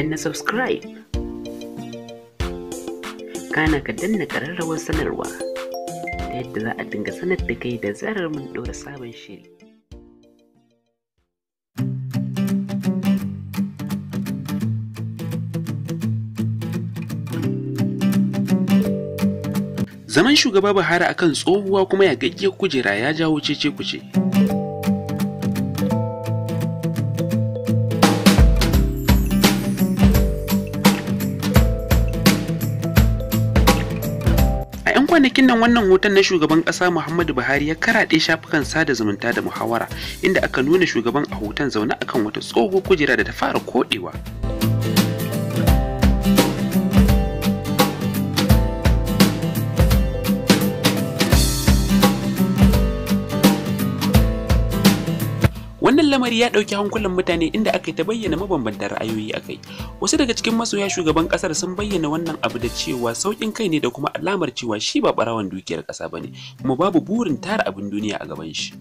danna subscribe kana ka danna ƙararrawar sanarwa ta yadda za a dinga sanar da kai da zarar mun ɗora sabon shiri zaman shugaba buhari akan tsohuwa kuma ya gaggiyar kujera ya jawo cece kuce kwanakin nan wannan hoton na shugaban ƙasa Muhammadu Buhari ya karaɗe shafukan sada zumunta da muhawara inda aka nuna shugaban a hoton zaune akan wata tsoho kujera da ta fara koɗewa. Wannan lamari ya ɗauki hankulan mutane inda aka ta bayyana mabambantan ra'ayoyi a kai. Wasu daga cikin masoya shugaban ƙasar sun bayyana wannan abu da cewa sauƙin kai ne da kuma alamar cewa shi ba ɓarawon dukiyar ƙasa ba ne, kuma babu burin tara abin duniya a gaban shi.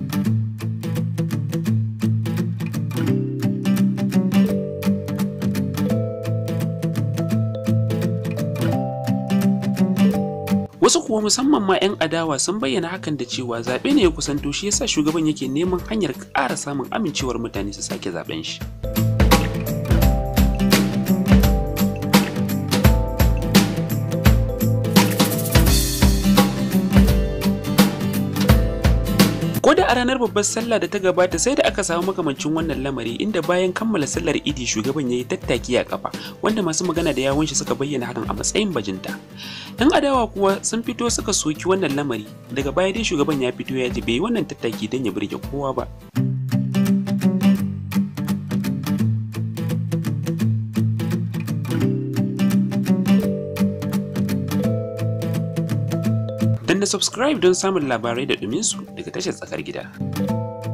Wasu kuwa musamman ma 'yan adawa sun bayyana hakan da cewa zaɓe ne ya kusanto shi yasa shugaban yake neman hanyar ƙara samun amincewar mutane su sake zaɓen shi. Ko da a ranar babbar sallah da ta gabata sai da aka samu makamancin wannan lamari inda bayan kammala sallar Idi shugaban ya yi tattaki a kafa wanda masu magana da yawunshi shi suka bayyana hakan a matsayin bajinta. Yan adawa kuwa sun fito suka soki wannan lamari daga baya dai shugaban ya fito ya ji bai wannan tattaki don ya birge kowa ba. da subscribe don samun labarai da ɗuminsu daga tashar tsakar gida.